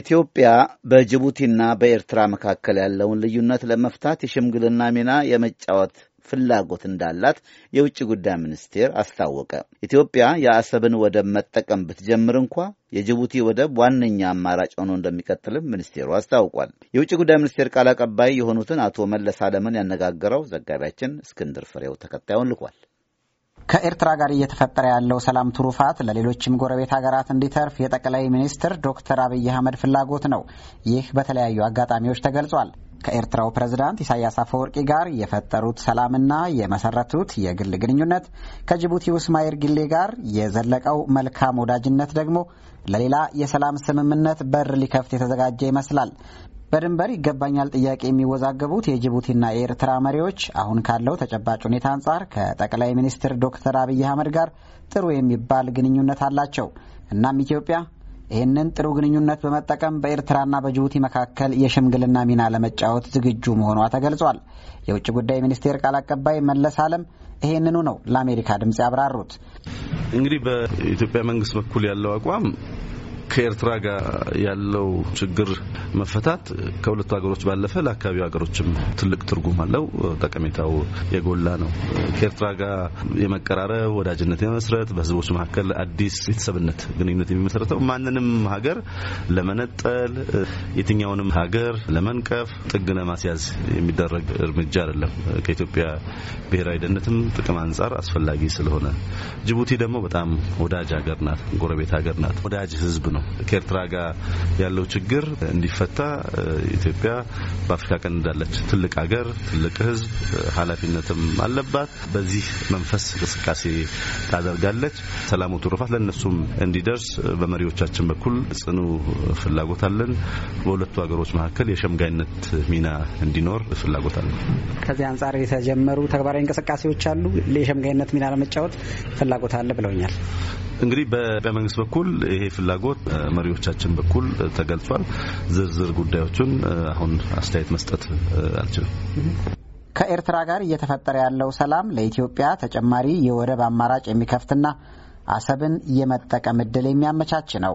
ኢትዮጵያ በጅቡቲና በኤርትራ መካከል ያለውን ልዩነት ለመፍታት የሽምግልና ሚና የመጫወት ፍላጎት እንዳላት የውጭ ጉዳይ ሚኒስቴር አስታወቀ። ኢትዮጵያ የአሰብን ወደብ መጠቀም ብትጀምር እንኳ የጅቡቲ ወደብ ዋነኛ አማራጭ ሆኖ እንደሚቀጥልም ሚኒስቴሩ አስታውቋል። የውጭ ጉዳይ ሚኒስቴር ቃል አቀባይ የሆኑትን አቶ መለስ አለምን ያነጋገረው ዘጋቢያችን እስክንድር ፍሬው ተከታዩን ልኳል። ከኤርትራ ጋር እየተፈጠረ ያለው ሰላም ትሩፋት ለሌሎችም ጎረቤት ሀገራት እንዲተርፍ የጠቅላይ ሚኒስትር ዶክተር አብይ አህመድ ፍላጎት ነው። ይህ በተለያዩ አጋጣሚዎች ተገልጿል። ከኤርትራው ፕሬዝዳንት ኢሳያስ አፈወርቂ ጋር የፈጠሩት ሰላምና የመሰረቱት የግል ግንኙነት ከጅቡቲው እስማኤል ጊሌ ጋር የዘለቀው መልካም ወዳጅነት ደግሞ ለሌላ የሰላም ስምምነት በር ሊከፍት የተዘጋጀ ይመስላል። በድንበር ይገባኛል ጥያቄ የሚወዛገቡት የጅቡቲና የኤርትራ መሪዎች አሁን ካለው ተጨባጭ ሁኔታ አንጻር ከጠቅላይ ሚኒስትር ዶክተር አብይ አህመድ ጋር ጥሩ የሚባል ግንኙነት አላቸው። እናም ኢትዮጵያ ይህንን ጥሩ ግንኙነት በመጠቀም በኤርትራና በጅቡቲ መካከል የሽምግልና ሚና ለመጫወት ዝግጁ መሆኗ ተገልጿል። የውጭ ጉዳይ ሚኒስቴር ቃል አቀባይ መለስ አለም ይህንኑ ነው ለአሜሪካ ድምፅ ያብራሩት። እንግዲህ በኢትዮጵያ መንግስት በኩል ያለው አቋም ከኤርትራ ጋር ያለው ችግር መፈታት ከሁለቱ ሀገሮች ባለፈ ለአካባቢው ሀገሮችም ትልቅ ትርጉም አለው። ጠቀሜታው የጎላ ነው። ከኤርትራ ጋር የመቀራረብ ወዳጅነት የመመስረት በህዝቦች መካከል አዲስ ቤተሰብነት ግንኙነት የሚመሰረተው ማንንም ሀገር ለመነጠል የትኛውንም ሀገር ለመንቀፍ ጥግ ለማስያዝ የሚደረግ እርምጃ አይደለም። ከኢትዮጵያ ብሔራዊ ደህንነትም ጥቅም አንጻር አስፈላጊ ስለሆነ ጅቡቲ ደግሞ በጣም ወዳጅ ሀገር ናት፣ ጎረቤት ሀገር ናት፣ ወዳጅ ህዝብ ነው። ነው። ከኤርትራ ጋር ያለው ችግር እንዲፈታ ኢትዮጵያ በአፍሪካ ቀንድ እንዳለች ትልቅ ሀገር፣ ትልቅ ህዝብ ኃላፊነትም አለባት። በዚህ መንፈስ እንቅስቃሴ ታደርጋለች። ሰላሙ ትሩፋት ለእነሱም እንዲደርስ በመሪዎቻችን በኩል ጽኑ ፍላጎት አለን። በሁለቱ ሀገሮች መካከል የሸምጋይነት ሚና እንዲኖር ፍላጎት አለን። ከዚህ አንጻር የተጀመሩ ተግባራዊ እንቅስቃሴዎች አሉ። የሸምጋይነት ሚና ለመጫወት ፍላጎት አለ ብለውኛል። እንግዲህ በመንግስት በኩል ይሄ ፍላጎት መሪዎቻችን በኩል ተገልጿል። ዝርዝር ጉዳዮቹን አሁን አስተያየት መስጠት አልችልም። ከኤርትራ ጋር እየተፈጠረ ያለው ሰላም ለኢትዮጵያ ተጨማሪ የወደብ አማራጭ የሚከፍትና አሰብን የመጠቀም እድል የሚያመቻች ነው።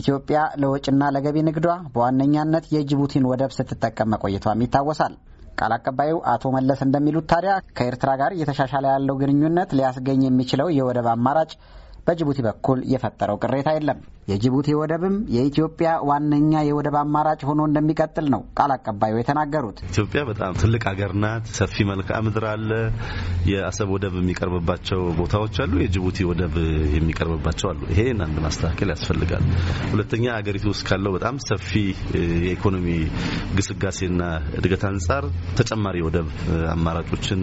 ኢትዮጵያ ለወጭና ለገቢ ንግዷ በዋነኛነት የጅቡቲን ወደብ ስትጠቀም መቆየቷም ይታወሳል። ቃል አቀባዩ አቶ መለስ እንደሚሉት ታዲያ ከኤርትራ ጋር እየተሻሻለ ያለው ግንኙነት ሊያስገኝ የሚችለው የወደብ አማራጭ በጅቡቲ በኩል የፈጠረው ቅሬታ የለም። የጅቡቲ ወደብም የኢትዮጵያ ዋነኛ የወደብ አማራጭ ሆኖ እንደሚቀጥል ነው ቃል አቀባዩ የተናገሩት። ኢትዮጵያ በጣም ትልቅ ሀገር ናት። ሰፊ መልክዓ ምድር አለ። የአሰብ ወደብ የሚቀርብባቸው ቦታዎች አሉ። የጅቡቲ ወደብ የሚቀርብባቸው አሉ። ይሄን አንድ ማስተካከል ያስፈልጋል። ሁለተኛ ሀገሪቱ ውስጥ ካለው በጣም ሰፊ የኢኮኖሚ ግስጋሴና እድገት አንጻር ተጨማሪ የወደብ አማራጮችን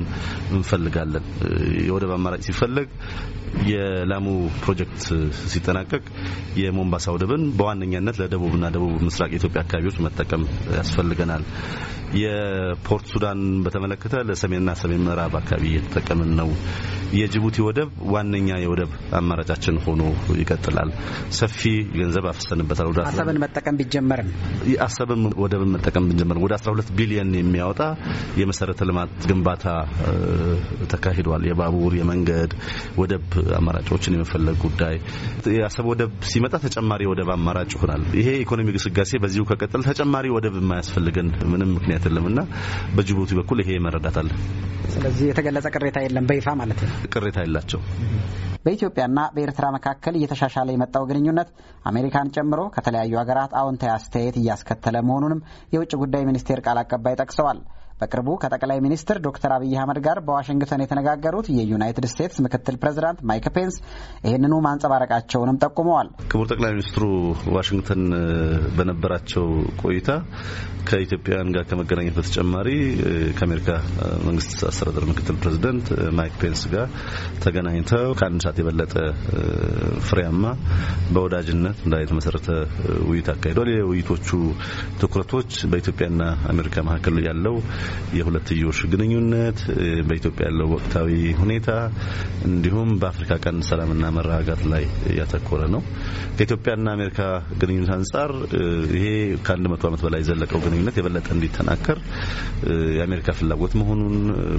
እንፈልጋለን። የወደብ አማራጭ ሲፈለግ የላሙ ፕሮጀክት ሲጠናቀቅ የሞንባሳ ወደብን በዋነኛነት ለደቡብና ደቡብ ምስራቅ የኢትዮጵያ አካባቢዎች መጠቀም ያስፈልገናል። የፖርት ሱዳን በተመለከተ ለሰሜንና ሰሜን ምዕራብ አካባቢ እየተጠቀምን ነው። የጅቡቲ ወደብ ዋነኛ የወደብ አማራጫችን ሆኖ ይቀጥላል። ሰፊ ገንዘብ አፈሰንበታል። ወደ አሰብን መጠቀም ቢጀመርም አሰብን ወደብን መጠቀም ቢጀመር ወደ 12 ቢሊዮን የሚያወጣ የመሰረተ ልማት ግንባታ ተካሂዷል። የባቡር፣ የመንገድ፣ ወደብ አማራጮችን የመፈለግ ጉዳይ የአሰብ ወደብ ሲመጣ ተጨማሪ ወደብ አማራጭ ይሆናል። ይሄ የኢኮኖሚ ግስጋሴ በዚሁ ከቀጠል ተጨማሪ ወደብ የማያስፈልገን ምንም ምክንያት የለምና በጅቡቲ በኩል ይሄ መረዳት አለ። ስለዚህ የተገለጸ ቅሬታ የለም በይፋ ማለት ነው። ቅሬታ የላቸው። በኢትዮጵያና በኤርትራ መካከል እየተሻሻለ የመጣው ግንኙነት አሜሪካን ጨምሮ ከተለያዩ ሀገራት አዎንታዊ አስተያየት እያስከተለ መሆኑንም የውጭ ጉዳይ ሚኒስቴር ቃል አቀባይ ጠቅሰዋል። በቅርቡ ከጠቅላይ ሚኒስትር ዶክተር አብይ አህመድ ጋር በዋሽንግተን የተነጋገሩት የዩናይትድ ስቴትስ ምክትል ፕሬዚዳንት ማይክ ፔንስ ይህንኑ ማንጸባረቃቸውንም ጠቁመዋል። ክቡር ጠቅላይ ሚኒስትሩ ዋሽንግተን በነበራቸው ቆይታ ከኢትዮጵያውያን ጋር ከመገናኘት በተጨማሪ ከአሜሪካ መንግስት አስተዳደር ምክትል ፕሬዚደንት ማይክ ፔንስ ጋር ተገናኝተው ከአንድ ሰዓት የበለጠ ፍሬያማ በወዳጅነት ላይ የተመሰረተ ውይይት አካሂዷል። የውይይቶቹ ትኩረቶች በኢትዮጵያና አሜሪካ መካከል ያለው የሁለትዮሽ ግንኙነት፣ በኢትዮጵያ ያለው ወቅታዊ ሁኔታ እንዲሁም በአፍሪካ ቀን ሰላምና መረጋጋት ላይ ያተኮረ ነው። ከኢትዮጵያና አሜሪካ ግንኙነት አንጻር ይሄ ከአንድ መቶ ዓመት በላይ የዘለቀው ግንኙነት የበለጠ እንዲተናከር የአሜሪካ ፍላጎት መሆኑን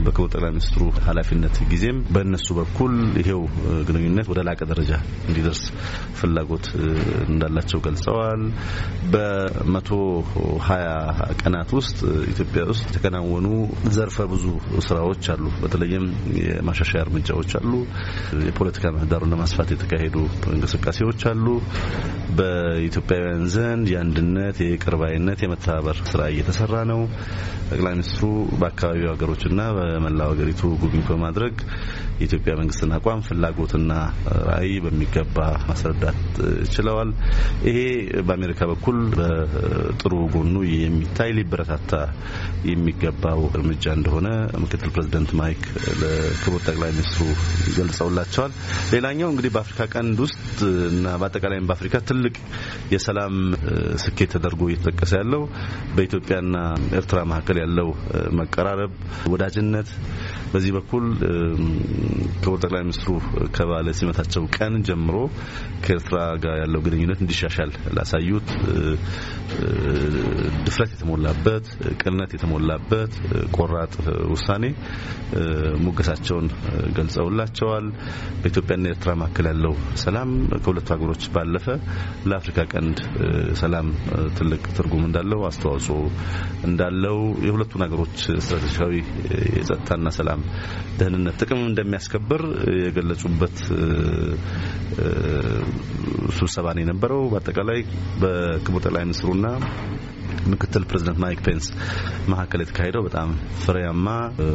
በክቡር ጠቅላይ ሚኒስትሩ ኃላፊነት ጊዜም በእነሱ በኩል ይሄው ግንኙነት ወደ ላቀ ደረጃ እንዲደርስ ፍላጎት እንዳላቸው ገልጸዋል። በመቶ ሀያ ቀናት ውስጥ ኢትዮጵያ ውስጥ ተከናወ የተከናወኑ ዘርፈ ብዙ ስራዎች አሉ። በተለይም የማሻሻያ እርምጃዎች አሉ። የፖለቲካ ምህዳሩን ለማስፋት የተካሄዱ እንቅስቃሴዎች አሉ። በኢትዮጵያውያን ዘንድ የአንድነት፣ የቅርባይነት፣ የመተባበር ስራ እየተሰራ ነው። ጠቅላይ ሚኒስትሩ በአካባቢው ሀገሮችና በመላው ሀገሪቱ ጉብኝት በማድረግ የኢትዮጵያ መንግስትን አቋም ፍላጎትና ራዕይ በሚገባ ማስረዳት ችለዋል። ይሄ በአሜሪካ በኩል በጥሩ ጎኑ የሚታይ ሊበረታታ የሚገ የሚገባው እርምጃ እንደሆነ ምክትል ፕሬዚደንት ማይክ ለክቡር ጠቅላይ ሚኒስትሩ ገልጸውላቸዋል። ሌላኛው እንግዲህ በአፍሪካ ቀንድ ውስጥ እና በአጠቃላይም በአፍሪካ ትልቅ የሰላም ስኬት ተደርጎ እየተጠቀሰ ያለው በኢትዮጵያና ኤርትራ መካከል ያለው መቀራረብ፣ ወዳጅነት በዚህ በኩል ክቡር ጠቅላይ ሚኒስትሩ ከባለ ሲመታቸው ቀን ጀምሮ ከኤርትራ ጋር ያለው ግንኙነት እንዲሻሻል ላሳዩት ድፍረት የተሞላበት ቅንነት የተሞላበት ለተነሱበት ቆራጥ ውሳኔ ሙገሳቸውን ገልጸውላቸዋል። በኢትዮጵያና ኤርትራ መካከል ያለው ሰላም ከሁለቱ ሀገሮች ባለፈ ለአፍሪካ ቀንድ ሰላም ትልቅ ትርጉም እንዳለው አስተዋጽኦ እንዳለው የሁለቱን ሀገሮች ስትራቴጂካዊ የጸጥታና ሰላም ደህንነት ጥቅም እንደሚያስከብር የገለጹበት ስብሰባ ነው የነበረው። በአጠቃላይ በክቡር ጠቅላይ ሚኒስትሩና ምክትል ፕሬዚደንት ማይክ ፔንስ መካከል የተካሄደው በጣም ፍሬያማ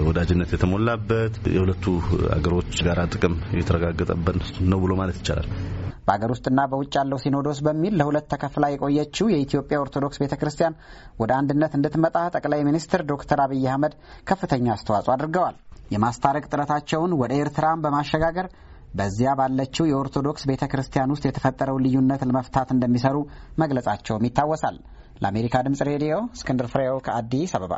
ወዳጅነት የተሞላበት የሁለቱ አገሮች ጋራ ጥቅም የተረጋገጠበት ነው ብሎ ማለት ይቻላል። በአገር ውስጥና በውጭ ያለው ሲኖዶስ በሚል ለሁለት ተከፍላ የቆየችው የኢትዮጵያ ኦርቶዶክስ ቤተ ክርስቲያን ወደ አንድነት እንድትመጣ ጠቅላይ ሚኒስትር ዶክተር አብይ አህመድ ከፍተኛ አስተዋጽኦ አድርገዋል። የማስታረቅ ጥረታቸውን ወደ ኤርትራም በማሸጋገር በዚያ ባለችው የኦርቶዶክስ ቤተ ክርስቲያን ውስጥ የተፈጠረውን ልዩነት ለመፍታት እንደሚሰሩ መግለጻቸውም ይታወሳል። ለአሜሪካ ድምጽ ሬዲዮ እስክንድር ፍሬው ከአዲስ አበባ